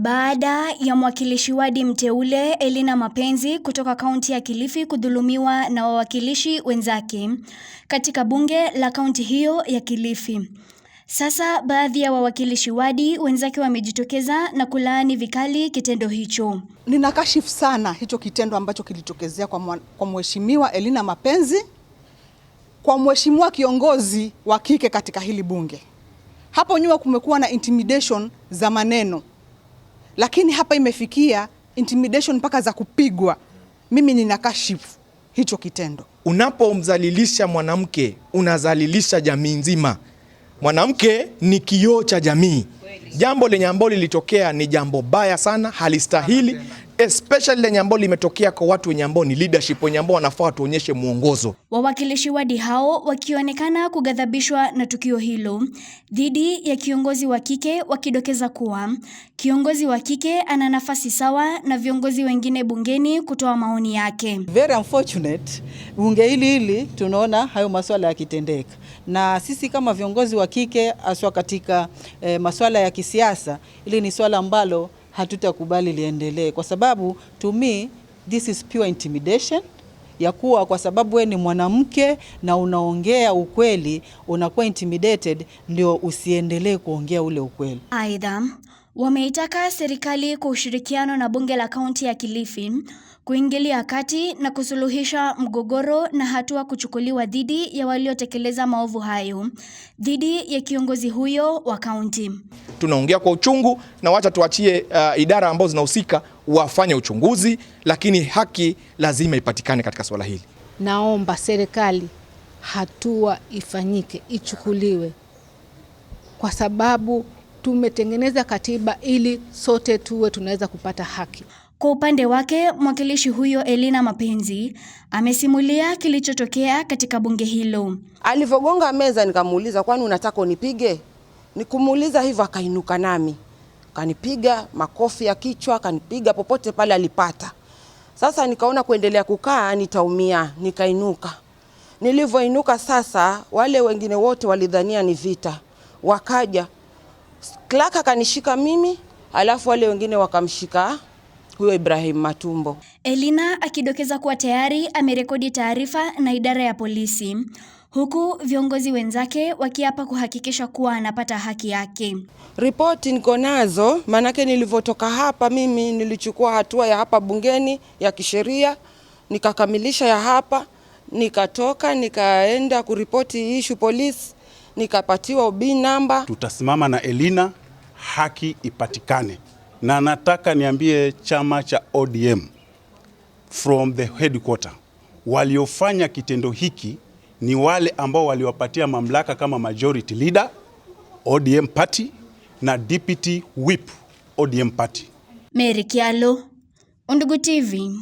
Baada ya mwakilishi wadi mteule Elina Mapenzi kutoka kaunti ya Kilifi kudhulumiwa na wawakilishi wenzake katika bunge la kaunti hiyo ya Kilifi. Sasa baadhi ya wawakilishi wadi wenzake wamejitokeza na kulaani vikali kitendo hicho. Ninakashifu sana hicho kitendo ambacho kilitokezea kwa mheshimiwa Elina Mapenzi, kwa mheshimiwa kiongozi wa kike katika hili bunge. Hapo nyuma kumekuwa na intimidation za maneno lakini hapa imefikia intimidation mpaka za kupigwa. Mimi ninakashifu hicho kitendo. Unapomdhalilisha mwanamke unadhalilisha jamii nzima. Mwanamke ni kioo cha jamii. Jambo lenye ambalo lilitokea ni jambo baya sana, halistahili especially lenye ambalo limetokea kwa watu wenye ambao ni leadership wenye ambao wanafaa tuonyeshe mwongozo. Wawakilishi wadi hao wakionekana kugadhabishwa na tukio hilo dhidi ya kiongozi wa kike, wakidokeza kuwa kiongozi wa kike ana nafasi sawa na viongozi wengine bungeni kutoa maoni yake. Very unfortunate, bunge hili hili tunaona hayo masuala yakitendeka, na sisi kama viongozi wa kike haswa katika eh, masuala ya kisiasa, ili ni swala ambalo hatutakubali liendelee, kwa sababu to me this is pure intimidation ya kuwa kwa sababu we ni mwanamke na unaongea ukweli unakuwa intimidated ndio usiendelee kuongea ule ukweli. Aidha, Wameitaka serikali kwa ushirikiano na bunge la kaunti ya Kilifi kuingilia kati na kusuluhisha mgogoro na hatua kuchukuliwa dhidi ya waliotekeleza maovu hayo dhidi ya kiongozi huyo wa kaunti. Tunaongea kwa uchungu na wacha tuachie uh, idara ambazo zinahusika wafanye uchunguzi, lakini haki lazima ipatikane katika swala hili. Naomba serikali hatua ifanyike, ichukuliwe kwa sababu tumetengeneza katiba ili sote tuwe tunaweza kupata haki. Kwa upande wake mwakilishi huyo Elina Mapenzi amesimulia kilichotokea katika bunge hilo. Alivyogonga meza, nikamuuliza kwani unataka unipige? Nikumuuliza hivyo, akainuka nami kanipiga makofi ya kichwa, kanipiga popote pale alipata. Sasa nikaona kuendelea kukaa nitaumia, nikainuka. Nilivyoinuka sasa, wale wengine wote walidhania ni vita, wakaja Clark akanishika mimi, alafu wale wengine wakamshika huyo Ibrahim Matumbo. Elina akidokeza kuwa tayari amerekodi taarifa na idara ya polisi, huku viongozi wenzake wakiapa kuhakikisha kuwa anapata haki yake. Ripoti niko nazo, maanake nilivyotoka hapa mimi nilichukua hatua ya hapa bungeni ya kisheria, nikakamilisha ya hapa, nikatoka nikaenda kuripoti ishu polisi nikapatiwa OB namba. Tutasimama na Elina, haki ipatikane, na nataka niambie chama cha ODM from the headquarter, waliofanya kitendo hiki ni wale ambao waliwapatia mamlaka kama majority leader ODM party na deputy whip ODM party. Mary Kialo, Undugu TV.